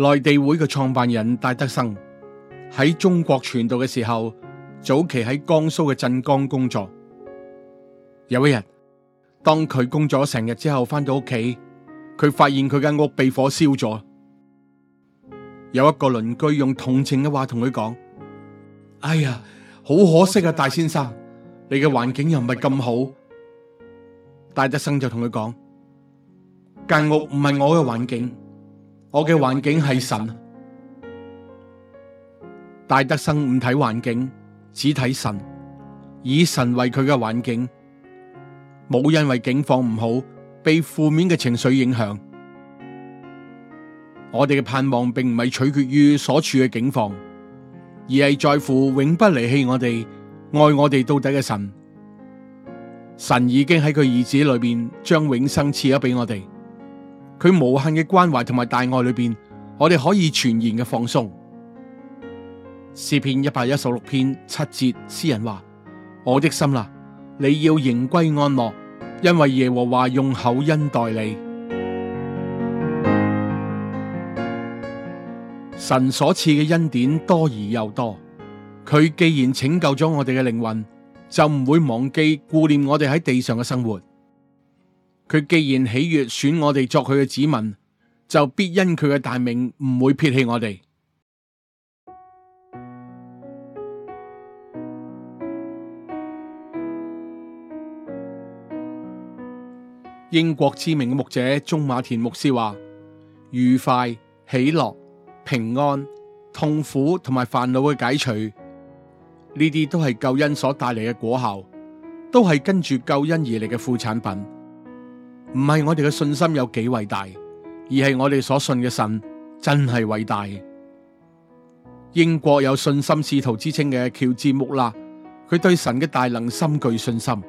內地會嘅創辦人戴德生喺中國傳道嘅時候，早期喺江蘇嘅鎮江工作。有一日，當佢工作咗成日之後翻到屋企，佢發現佢間屋被火燒咗。有一個鄰居用同情嘅話同佢講：「哎呀，好可惜啊，戴先生，你嘅環境又唔係咁好。」戴德生就同佢講：「間屋唔係我嘅環境。」我嘅環，環境係神，戴德生唔睇環境，只睇神，以神為佢嘅環境，冇因為境況唔好，被負面嘅情緒影響。我哋嘅盼望並唔係取決於所處嘅境況，而係在乎永不離棄我哋、愛我哋到底嘅神。神已經喺佢兒子裏面將永生賜咗畀我哋。佢無限嘅關懷同埋大愛裏邊，我哋可以全然嘅放鬆。詩篇一百一十六篇七節，詩人話：我的心啦、啊，你要仍歸安樂，因為耶和華用厚恩待你。神所賜嘅恩典多而又多，佢既然拯救咗我哋嘅靈魂，就唔會忘記顧念我哋喺地上嘅生活。佢既然喜悦選我哋作佢嘅子民，就必因佢嘅大名唔會撇棄我哋。英國知名嘅牧者中馬田牧師話：愉快、喜樂、平安、痛苦同埋煩惱嘅解除，呢啲都係救恩所帶嚟嘅果效，都係跟住救恩而嚟嘅副產品。唔係我哋嘅信心有幾偉大，而係我哋所信嘅神真係偉大。英國有信心使徒之稱嘅喬治木納，佢對神嘅大能深具信心。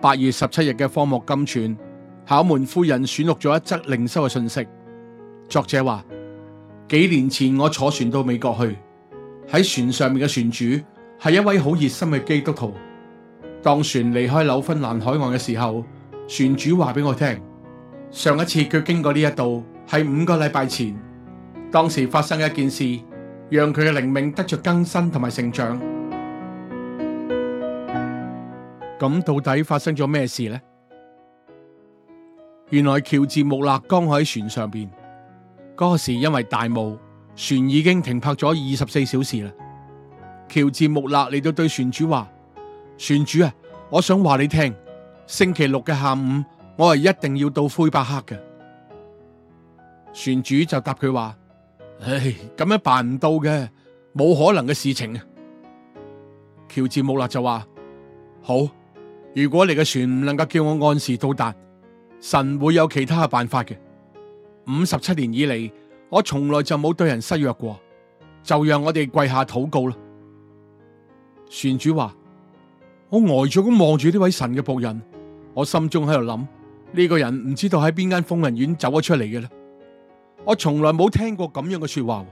八月十七日嘅《荒漠甘泉》，考門夫人選錄咗一則靈修嘅信息。作者話：幾年前我坐船到美國去，喺船上面嘅船主係一位好熱心嘅基督徒。當船離開紐芬蘭海岸嘅時候，船主話俾我聽，上一次佢經過呢一度係五個禮拜前，當時發生一件事，讓佢嘅靈命得着更新同埋成長。咁到底發生咗咩事呢？原來喬治穆勒剛喺船上邊嗰時，因為大霧，船已經停泊咗二十四小時啦。喬治穆勒嚟到對船主話：「船主啊，我想話你聽。星期六嘅下午，我係一定要到魁北克嘅。船主就答佢話：唉、哎，咁樣辦唔到嘅，冇可能嘅事情。喬治穆勒就話：好，如果你嘅船唔能夠叫我按時到達，神會有其他嘅辦法嘅。五十七年以嚟，我從來就冇對人失約過，就讓我哋跪下禱告啦。船主話：我呆咗咁望住呢位神嘅僕人。我心中喺度諗，呢、這個人唔知道喺邊間瘋人院走咗出嚟嘅咧。我從來冇聽過咁樣嘅說話。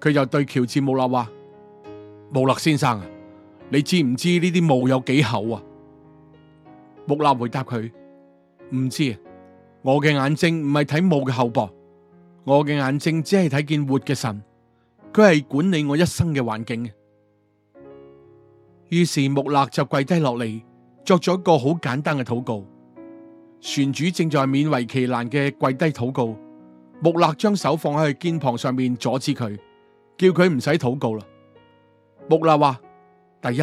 佢就對喬治穆勒話：穆勒先生啊，你知唔知呢啲霧有幾厚啊？穆勒回答佢：唔知啊。我嘅眼睛唔係睇霧嘅厚薄噃，我嘅眼睛只係睇見活嘅神，佢係管理我一生嘅環境嘅。於是穆勒就跪低落嚟。作咗一個好簡單嘅禱告，船主正在勉為其難嘅跪低禱告，穆勒將手放喺佢肩膀上面阻止佢，叫佢唔使禱告啦。穆勒話：第一，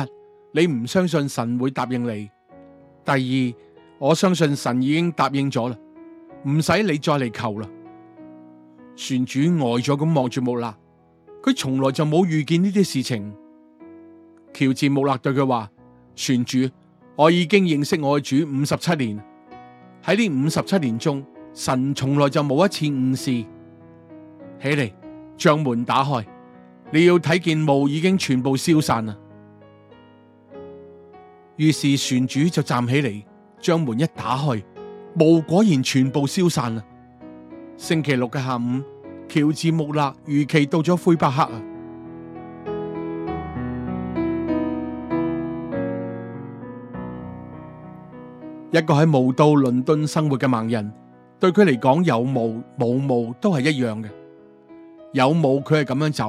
你唔相信神會答應你；第二，我相信神已經答應咗啦，唔使你再嚟求啦。船主呆咗咁望住穆勒，佢從來就冇遇見呢啲事情。喬治穆勒對佢話：船主。我已經認識我主五十七年，喺呢五十七年中，神從來就冇一次誤事。起嚟，將門打開，你要睇見霧已經全部消散啦。於是船主就站起嚟，將門一打開，霧果然全部消散啦。星期六嘅下午，喬治穆勒如期到咗魁北克。一個喺霧都倫敦生活嘅盲人，對佢嚟講，有霧冇霧都係一樣嘅。有霧佢係咁樣走，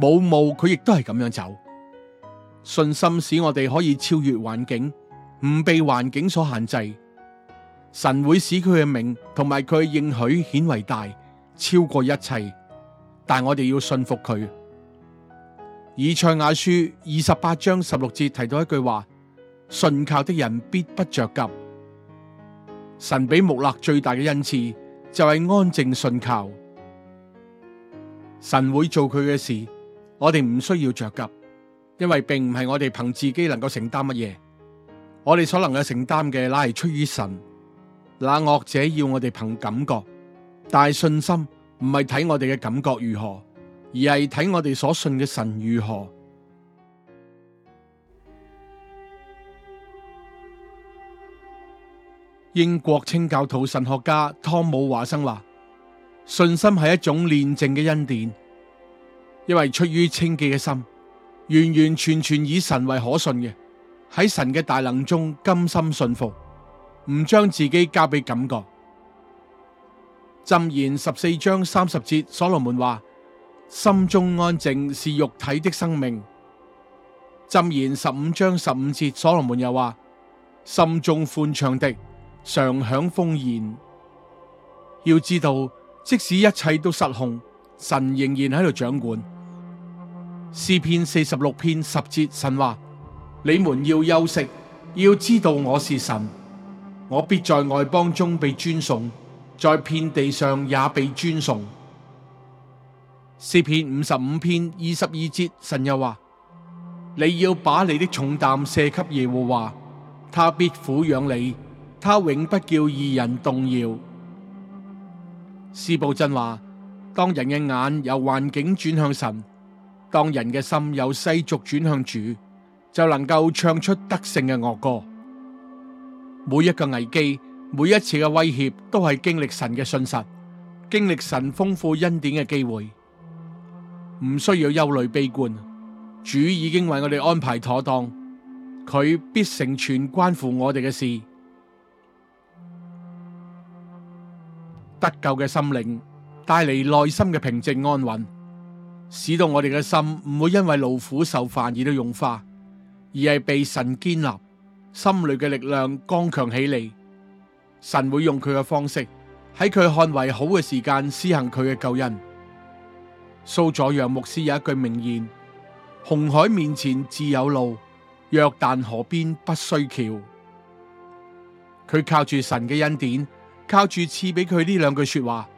冇霧佢亦都係咁樣走。信心使我哋可以超越環境，唔被環境所限制。神會使佢嘅名同埋佢嘅應許顯為大，超過一切。但我哋要信服佢。以賽亞書二十八章十六節提到一句話。信靠的人必不着急。神俾穆勒最大嘅恩賜就係安靜信靠。神會做佢嘅事，我哋唔需要着急，因為並唔係我哋憑自己能夠承擔乜嘢。我哋所能夠承擔嘅，乃係出於神。那惡者要我哋憑感覺，但係信心唔係睇我哋嘅感覺如何，而係睇我哋所信嘅神如何。英國清教徒神學家湯姆華生話：信心係一種煉淨嘅恩典，因為出於清潔嘅心，完完全全以神為可信嘅，喺神嘅大能中甘心信服，唔將自己交俾感覺。箴言十四章三十節，所羅門話：心中安靜是肉體的生命。箴言十五章十五節，所羅門又話：心中歡暢的。常享豐宴。要知道即使一切都失控，神仍然喺度掌管。詩篇四十六篇十節，神話，你們要休息，要知道我是神，我必在外邦中被尊崇，在遍地上也被尊崇。詩篇五十五篇二十二節，神又話，你要把你的重擔卸給耶和華，他必撫養你。他永不叫義人動搖。司布真話：當人嘅眼由環境轉向神，當人嘅心由世俗轉向主，就能夠唱出得勝嘅樂歌。每一個危機，每一次嘅威脅，都係經歷神嘅信實，經歷神豐富恩典嘅機會。唔需要憂慮悲觀，主已經為我哋安排妥當，佢必成全關乎我哋嘅事。得救嘅心靈帶嚟，內心嘅平靜安穩，使到我哋嘅心唔會因為勞苦受煩而都融化，而係被神堅立，心裏嘅力量剛強起嚟。神會用佢嘅方式喺佢看為好嘅時間施行佢嘅救恩。蘇佐揚牧師有一句名言：紅海面前自有路，約旦河邊不需橋。佢靠住神嘅恩典。靠住賜俾佢呢兩句說話，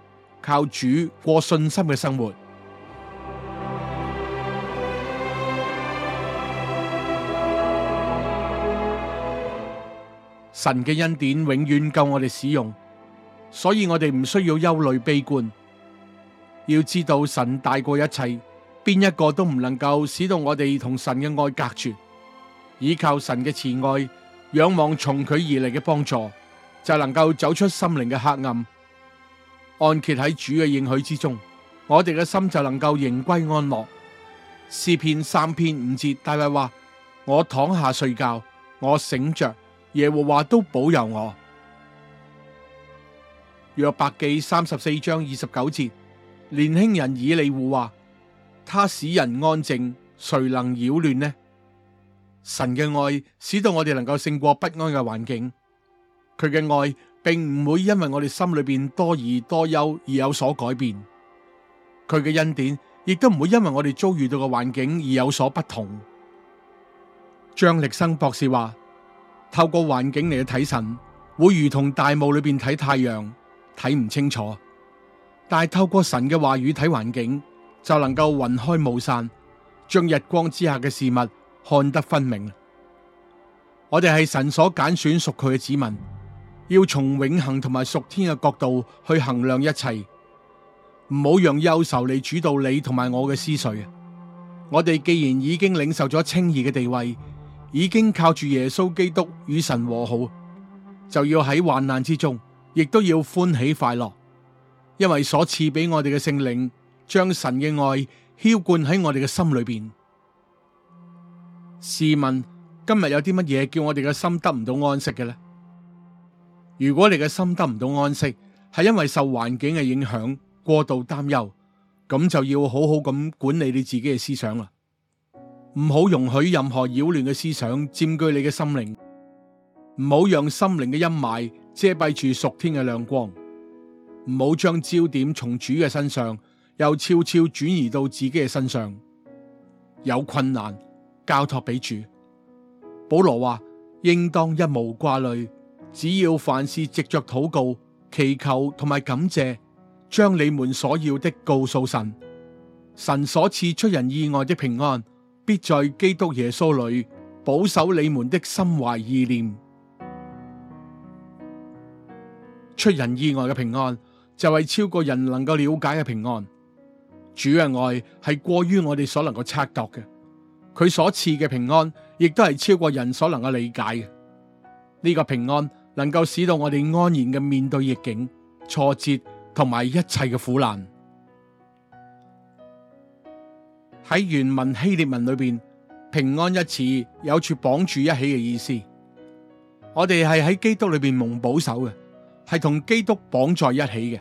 靠主過信心嘅生活。神嘅恩典永遠夠我哋使用，所以我哋唔需要憂慮悲觀。要知道神大過一切，邊一個都唔能夠使到我哋同神嘅愛隔絕，依靠神嘅慈愛，仰望從佢而嚟嘅幫助，就能夠走出心靈嘅黑暗，安歇喺主嘅應許之中，我哋嘅心就能夠迎歸安樂。詩篇三篇五節大衛話：我躺下睡覺，我醒着，耶和華都保佑我。約伯記三十四章二十九節，年輕人以利戶話：他使人安靜，誰能擾亂呢？神嘅愛使到我哋能夠勝過不安嘅環境。佢嘅愛並唔會因為我哋心裏邊多疑多憂而有所改變，佢嘅恩典亦都唔會因為我哋遭遇到嘅環境而有所不同。張力生博士話：透過環境嚟去睇神，會如同大霧裏邊睇太陽，睇唔清楚；但係透過神嘅話語睇環境，就能夠雲開霧散，將日光之下嘅事物看得分明。我哋係神所揀選屬佢嘅子民。要從永恒同埋屬天嘅角度去衡量一切，唔好讓憂愁嚟主導你同埋我嘅思緒。我哋既然已經領受咗稱義嘅地位，已經靠住耶穌基督與神和好，就要喺患難之中，亦都要歡喜快樂，因為所賜俾我哋嘅聖靈，將神嘅愛澆灌喺我哋嘅心裏邊。試問今日有啲乜嘢叫我哋嘅心得唔到安息嘅呢？如果你嘅心得唔到安息，係因為受環境嘅影響，過度擔憂，咁就要好好咁管理你自己嘅思想啦，唔好容許任何擾亂嘅思想佔據你嘅心靈，唔好讓心靈嘅陰霾遮蔽住屬天嘅亮光，唔好將焦點從主嘅身上又悄悄轉移到自己嘅身上。有困難，交託俾主。保羅話：應當一無掛慮。只要凡事藉着禱告、祈求同埋感謝，將你們所要的告訴神，神所賜出人意外的平安，必在基督耶穌裏保守你們的心懷意念。出人意外嘅平安就係、是、超過人能夠了解嘅平安。主嘅愛係過於我哋所能夠測度嘅，佢所賜嘅平安亦都係超過人所能夠理解嘅。呢、這個平安，能夠使到我哋安然嘅面對逆境、挫折同埋一切嘅苦難。喺原文希臘文裏邊，平安一詞有處綁住一起嘅意思。我哋係喺基督裏邊蒙保守嘅，係同基督綁在一起嘅。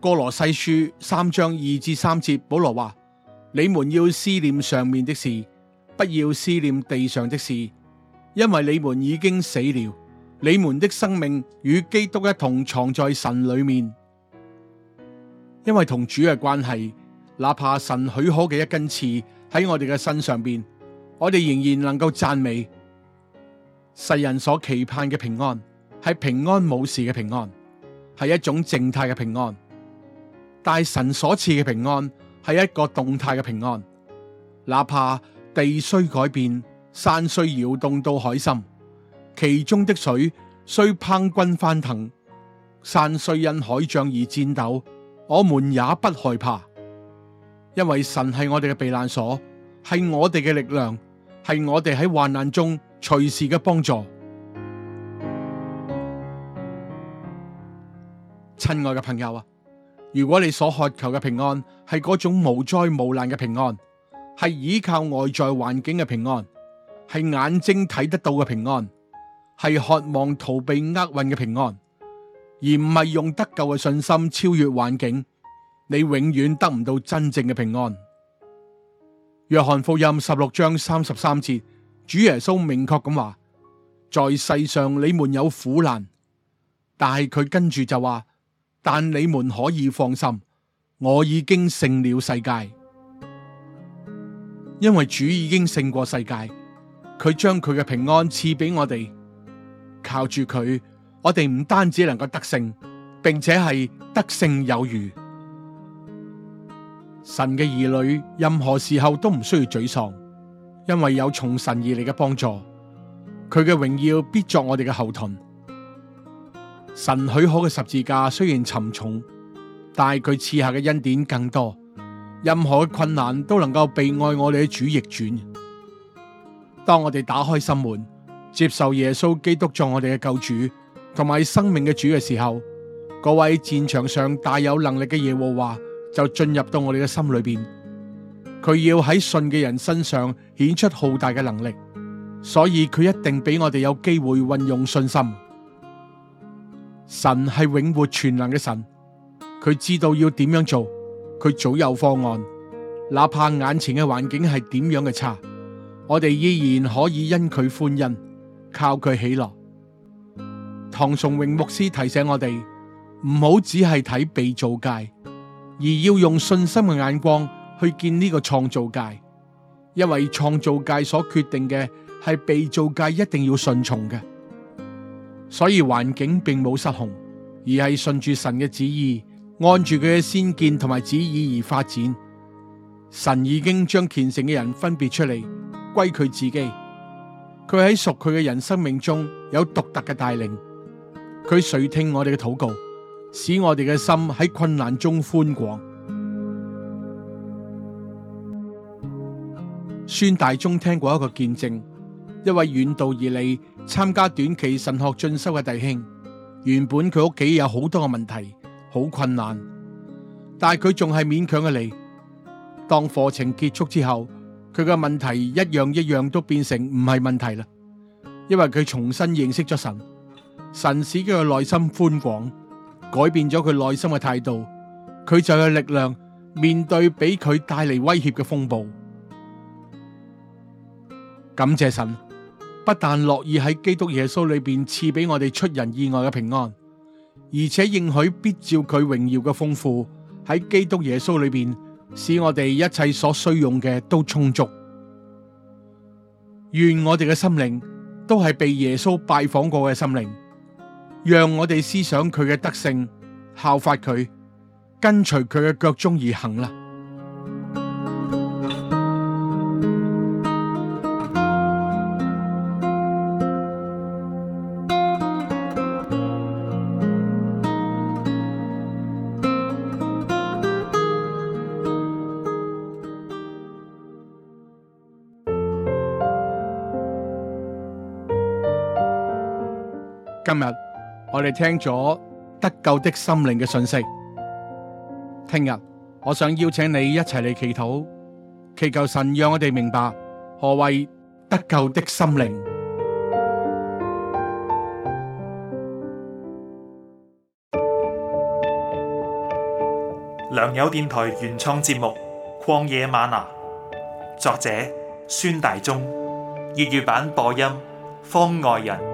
哥羅西書三章二至三節，保羅話：你們要思念上面的事，不要思念地上的事，因為你們已經死了。你們的生命與基督一同藏在神裏面，因為同主嘅關係，哪怕神許可嘅一根刺喺我哋嘅身上邊，我哋仍然能夠讚美。世人所期盼嘅平安，係平安冇事嘅平安，係一種靜態嘅平安。但神所賜嘅平安係一個動態嘅平安，哪怕地雖改變，山雖搖動到海心。其中的水雖匉訇翻騰，山雖因海漲而戰斗，我們也不害怕，因為神係我哋嘅避難所，係我哋嘅力量，係我哋喺患難中隨時嘅幫助。親愛嘅朋友啊，如果你所渴求嘅平安係嗰種無災無難嘅平安，係倚靠外在環境嘅平安，係眼睛睇得到嘅平安，係渴望逃避厄運嘅平安，而唔係用得救嘅信心超越環境，你永遠得唔到真正嘅平安。約翰福音十六章三十三節，主耶穌明確咁話：在世上你們有苦難，但係佢跟住就話：但你們可以放心，我已經勝了世界，因為主已經勝過世界，佢將佢嘅平安賜俾我哋。靠住佢，我哋唔單止能夠得勝，並且係得勝有餘。神嘅兒女，任何時候都唔需要沮喪，因為有從神而嚟嘅幫助。佢嘅榮耀必作我哋嘅後盾。神許可嘅十字架雖然沉重，但係佢賜下嘅恩典更多。任何嘅困難都能夠被愛我哋嘅主逆轉。當我哋打開心門。接受耶穌基督作我哋嘅救主同埋生命嘅主嘅時候，各位戰場上大有能力嘅耶和華就進入到我哋嘅心裏邊，佢要喺信嘅人身上顯出浩大嘅能力，所以佢一定俾我哋有機會運用信心。神係永活全能嘅神，佢知道要點樣做，佢早有方案，哪怕眼前嘅環境係點樣嘅差，我哋依然可以因佢歡欣。靠佢起來。唐崇榮牧師提醒我哋，唔好只係睇被造界，而要用信心嘅眼光去見呢個創造界，因為創造界所決定嘅係被造界一定要順從嘅。所以環境並冇失控，而係順住神嘅旨意，按住佢嘅先見同埋旨意而發展。神已經將虔誠嘅人分別出嚟，歸佢自己。佢喺屬佢嘅人生命中有獨特嘅帶領，佢垂聽我哋嘅禱告，使我哋嘅心喺困難中寬廣。孫大中聽過一個見證，一位遠道而嚟參加短期神學進修嘅弟兄，原本佢屋企有好多嘅問題，好困難，但係佢仲係勉強嘅嚟。當課程結束之後，佢嘅問題一樣一樣都變成唔係問題啦，因為佢重新認識咗神，神使佢嘅內心寬廣，改變咗佢內心嘅態度，佢就有力量面對俾佢帶嚟威脅嘅風暴。感謝神，不但樂意喺基督耶穌裏邊賜俾我哋出人意外嘅平安，而且應許必照佢榮耀嘅豐富喺基督耶穌裏邊。使我哋一切所需用嘅都充足，願我哋嘅心靈都係被耶穌拜訪過嘅心靈，讓我哋思想佢嘅德性，效法佢，跟隨佢嘅腳蹤而行啦。今日我哋聽咗得救的心靈嘅信息，聽日我想邀請你一齊嚟祈禱，祈求神讓我哋明白何謂得救的心靈。良友電台原創節目《曠野嗎哪》，作者孫大中，粵語版播音方外人。